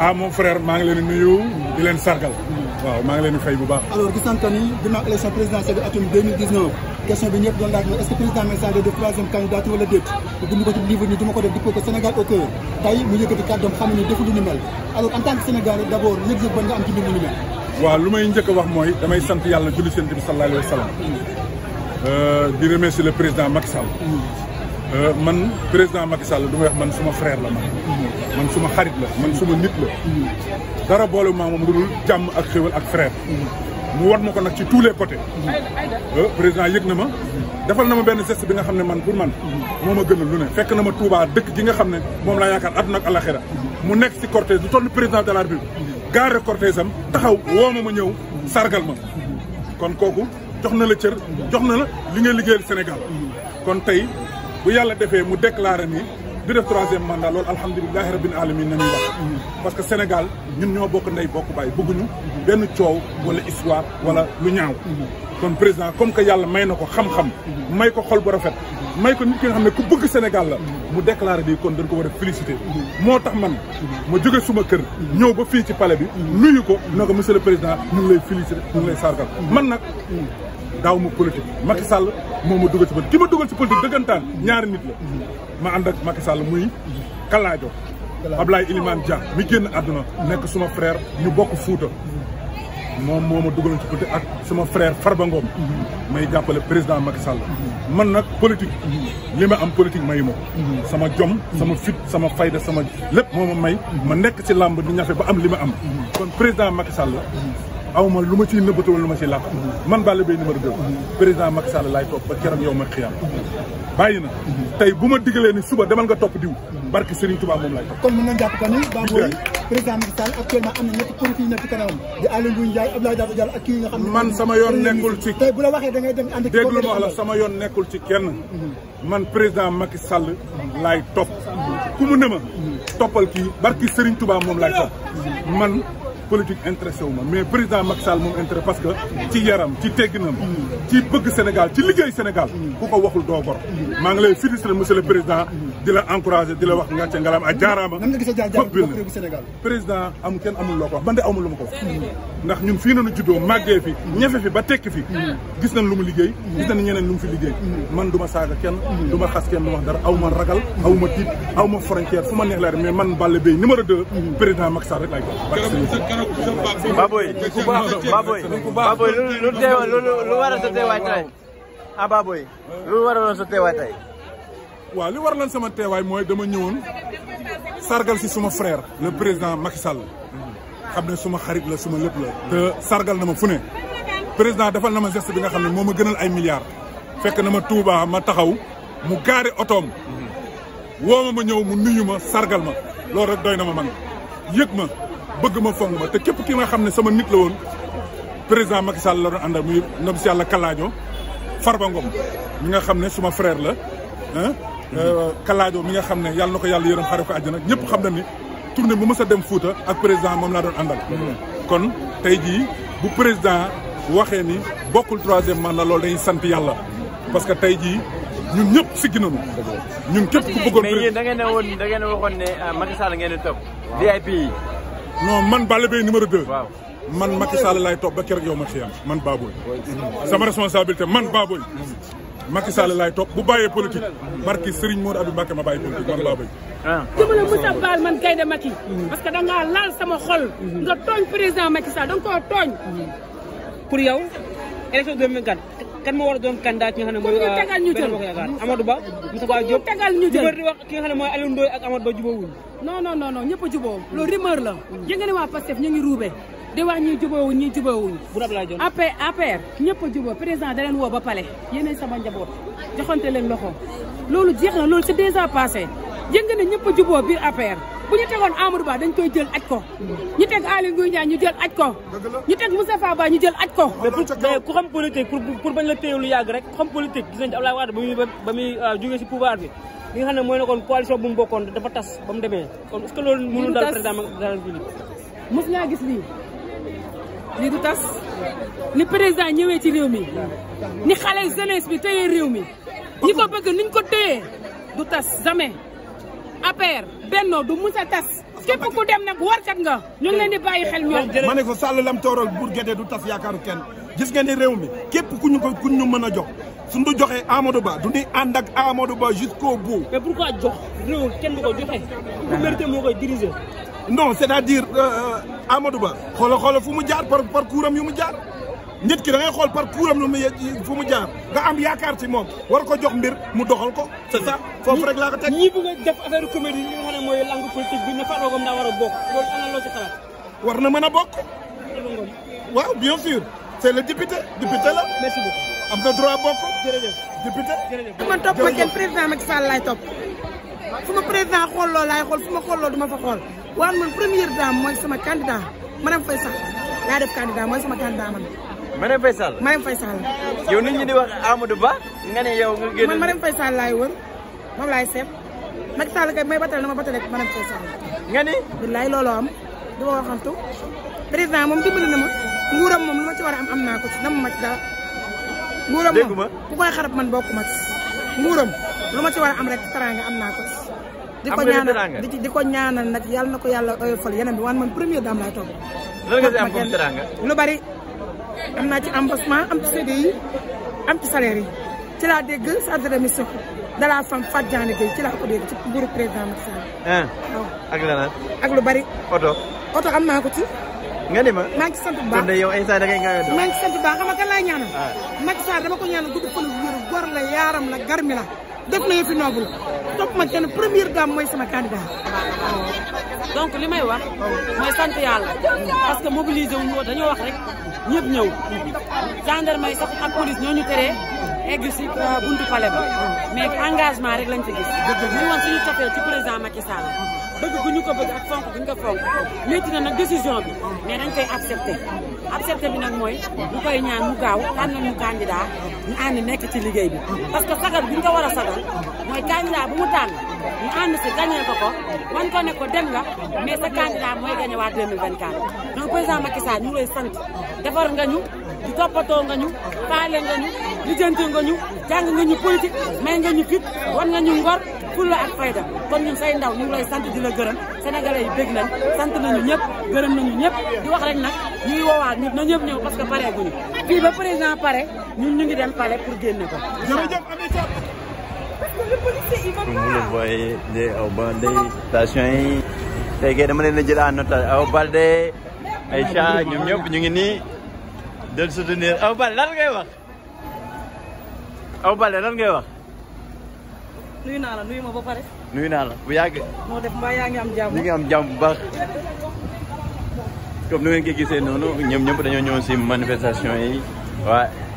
ah mon frère maa ngi leen di nuyu di leen sargal. waaw maa ngi leen di fay bu baax. alors gis nañ que ni ginnaaw élection présidentielle bi atum 2019 question bi ñëpp doon laaj mooy est ce que président Macky Sall de troisième candidat wala déet bind ko ci livre ni duma ko def dippee ko Sénégal au cœur tey mu yëkkati kàddoom xam ne defu ni mel alors en tant que sénégalais d' abord yëg-yëg nga am ci mbir ni mel. waaw lu may njëkk a wax mooy damay sant yàlla julli seen bi sallallahu alayhi wa sallam. Euh, di remercier le président Macky Sall. Mm. Euh, man président Macky Sall du may wax man suma la man suma xarit la man suma nit la dara boole maa moom lu dul jàmm ak xéwal ak frère mu war ma ko nag ci tous les côtés euh, président yëg na ma defal na ma benn geste bi nga xam ne man pour man moom ma gënal lu ne fekk na ma tuubaa dëkk gi nga xam ne moom laa yaakaar àdduna ak alaxira mu nekk si cortège lu toll président de la République gaare cortège am taxaw woo ma ma ñëw sargal ma kon kooku jox na la cër jox na la li nga liggéeyal Sénégal kon tey bu yàlla defee mu déclaré ni du def troisième mandat loolu alhamdulilahi rabbil alamin na wax parce que Sénégal ñun ñoo bokk nday bokk bàyyi bëgguñu ben ciow wala histoire wala lu ñaaw kon président comme que yàlla may nako xam-xam may ko xol bu rafet may ko nit ki nga xamne ku bëgg Sénégal la mu déclaré bi kon dañ ko war a félicité moo tax man ma jóge suma kër ñëw ba fii ci pale bi nuyu ko na ko monsieur le président ñu ngi lay félicité ñu lay sargal man nag daaw ma politique makki Sall moom ma dugal ci politique ki ma dugal ci politique dëggantaan ñaari nit la ma ànd ak Macky Sall muy Kalaajo Ablaye Ilimane Dia mi génn àdduna nekk suma frère ñu bokk Fuuta moom moo ma dugaloon ci politique ak sama far ba Ngom. may jàppale président Macky Sall. man nag politique. li ma am politique mayu ma ko. sama jom sama fit sama fayda sama lépp moo ma may. ma nekk ci làmb di ñafe ba am li ma am. kon président Macky Sall. aw ma lu ma ciy nëbbatu wala lu ma ciy làq. man Balla Gaye numéro 2. président Macky Sall laay topp ba keroog yow ma xiyam. bàyyi na tey bu ma digalee ni suba demal nga topp diw. barke Serigne Touba moom laay kon mën na jàpp ko ni Baboye président Macky Sall actuellement am na ñetti producteurs yi nekk ci kanamam di Aly Ngouille Ndiaye Abdoulaye Daouda Diallo ak kii nga xam man sama yoon nekkul ci tey bu la waxee da ngay dem ma la sama yoon nekkul ci kenn mhm. man président Macky Sall topp ku mu ne ma toppal kii barke Serigne Touba moom laay topp mhm. man politique intéressé wu ma mais président Macky Sall moom intéressé parce que ci yaram ci tegginam ci bëgg Sénégal ci liggéey Sénégal ku ko waxul doo maa ngi lay féliciter monsieur le président di la encourager di la wax ngàcce ngalaam a jaaraama fop bi président am kenn amul loo ko wax man amul lu ma ko wax ndax ñun fii nañu juddoo màggee fi mm. ñefe fi ba tekki fi mm. gis nañ lu mu liggéey mm. gis nañ ñeneen lu mu fi liggéey man duma ma saaga kenn du ma xas kenn du wax dara aw ma ragal aw ma tiit aw ma frontière fu ma neex mais man Balla Beye numéro deux président Macky Sall rek laay ko Baboye Baboye Baboye lu teewa lu waral sa teewaay tey ah Baboye lu waraloon sa teewaay tey waaw li waraloon sama teewaay mooy dama ñëwoon sargal si suma frère le président Macky Sall xam ne suma xarit la suma lépp la. te sargal na ma fu ne. président defal na ma geste bi nga xam ne moom ma gënal ay milliards. fekk na ma Touba ma taxaw mu gaari otoom. woo ma ma ñëw mu nuyu sargal ma loolu rek doy na ma man yëg ma bëgg ma fonk ma te képp kii nga xam ne sama nit la woon président Macky Sall la doon àndal muy ndam si yàlla Kalaajo Farba Ngom mi nga xam ne suma frère la. Mhm. Euh, Kalaajo mi nga xam ne yàlla na ko yàlla yërëm xare ko àjjana ñëpp xam na ni. tournée bu mës a dem Fouta ak président moom laa doon àndal. kon tey jii bu président waxee ni bokkul man la lool dañuy sant yàlla parce que tey jii ñun ñëpp siggi nañu. ñun képp ku bëggoon. mais yéen da ngeen ne da ngeen waxoon ne ah, Macky Sall ngeen di topp. VIP man Balla Gaye numéro 2. waaw man Macky Sall laay topp ba keroog yow ma man Baboy. sama man Macky Sall laay topp bu bàyyee politique barki Serigne Modou Abdou Mbacké ma bàyyi politique man laa bëgg. ah jëmale Moussa que da ngaa a doon candidat ki nga xam ne mooy. Euh, ba Moussa Ba Diop tegal ñu jël di wax ñëpp a jubóo loolu rumeur la. Mm. waa Pastef ñu ruube. di wax ñi jubóowuñ ñi jubóowuñ APR APR ñëpp a jubóo président da leen woo ba pale yéenay sama njaboot joxante leen loxo loolu jeex na loolu c'est déjà passé jëng na ñëpp a jubóo biir APR bu ñu tegoon Amadou Ba dañ koy jël aj ko ñu teg Aly Ngouille Ndiaye ñu jël aj ko ñu teg Moustapha Ba ñu jël aj ko mais ku xam politique pour bañ la téye lu rek ku xam politique gis nañ Abdoulaye Wade ba muy euh, jógee si pouvoir bi li xam ne mooy ne kon coalition bu mu dafa tas ba mu demee kon est-ce que loolu mënul gis lii lii du tas ni président ñëwee ci réew mi ni xale jeunesse bi téye réew mi ñi ko bëgg niñ ko téyee du tas jamais APR benno du musa tas képp ku dem nag warkat nga ñu ngi leen di bàyyi xel ñoom ma ne ko sàll lam toorool buur gédee du tas yaakaaru kenn gis nga ni réew mi képp ku ñu ko ku ñu mën a jox suñ du joxee Amadou Ba du ñu ànd ak Amadou Ba jusqu'au bout mais pourquoi jox réew kenn du ko joxe ku mérité moo koy diriger non c'est-à-dire euh, euh, Amadou Ba xoola xoola fu mu jaar par parcours am yu mu jaar nit ki da ngay xool parcours am lu mu fu mu jaar nga am yaakaar ci moom war ko jox mbir mu doxal ko c'est ça foofu rek laa ko teg ñi bëgg a def affaire comédie li nga xam mooy langue politique bi na fa roogam daa war a bokk loolu ana loo war na mën a bokk waaw bien sûr c'est le député député la merci beaucoup am na droit bokk jërëjëf député man topp ma kenn président Macky Sall laay fuma président xool loo laay xool fu ma xool loo fa xol waan man première dame moy sama candidat Marième Faye Sall laa def candidat moy sama candidat man. Marième Faye Sall Marième Faye Sall. yow nit ñi di wax Amadou Ba nga ne yow nga gën man Marième Faye Sall laay wër mom lay sef Macky Sall kay may batal dama batal rek ak Marième Faye Sall. nga ni. billaay looloo am di ma waxantu président mom dimbali na ma nguuram mom luma ci wara am am naa ko ci dama ma da dara. nguuram ku koy xarab man bokku ma ci nguuram lu ci wara am rek teraanga am naa ko ci. di ko ñaanal di ko ñaanal nag yàlla na ko yàlla oyofal yeneen bi waan man première dame laay toog. lan nga si am comme lu bari am naa ci embossement am ci CDI yi am ci salaire yi ci laa dégg chargé de mission de la femme Fatou Diané ci laa ko dégg ci bureau président Macky Sall. ak leneen. ak lu bari. oto. oto am naa ko ci. nga ne ma naa ngi sant bu baax yow instant dangay ngaa yor. maa ngi sant bu baax xam nga kan laay ah. dama ko ñaanal gudd na gu wér góor la yaaram la garmi la. def na yëfi noble topp ma kenn première dame mooy sama candidat. donc li may wax mooy sant yàlla parce que mobiliser wuñu woo dañoo wax rek ñëpp ñëw gendarmerie sax ak police ñoo ñu teree egg si euh, buntu palais ba mais engagement rek lañ ci gis. dëgg la ñu woon suñu cofeel ci président Macky Sall. bëgg bu ñu ko bëgg ak fonk bu ñu ko fonk métti na nag décision bi mais dañ koy accepté accepté bi nag mooy ñu koy ñaan mu gaaw tànnal ñu candidat ñu ànd nekk ci liggéey bi parce que sagal bi ñu ko war a sagal mooy candidat bu mu tànn ñu ànd si gagné ko ko wan ko ne dem nga mais sa candidat mooy gagné waa 2024 donc président Macky Sall ñu lay sant defar nga ñu di toppatoo nga ñu faale nga ñu lijjanti nga ñu jang nga ñu politique may nga ñu fit wan nga ñu ngor fulla ak fayda kon ñun say ndaw ñu lay sant di la gërëm sénégalais yi bég nañ sant nañu ñëpp gërëm nañu ñëpp di wax rek nag ñuy woowaat nit na ñëpp ñëw parce que pare guñu fii ba président pare ñun ñu ngi dem pare pour génne ko vous le voyez, les del soutenir Awa Baldé lan ngay wax Awa Baldé lan ngay wax. nuyu naa la nuyu ma ba pare. nuyu naa la bu yàgg. moo def mbaa yaa ngi am jàmm. ñu ngi am jàmm bu baax. comme ni ngeen ko gisee noonu ñoom ñëpp dañoo ñëw si manifestation yi waa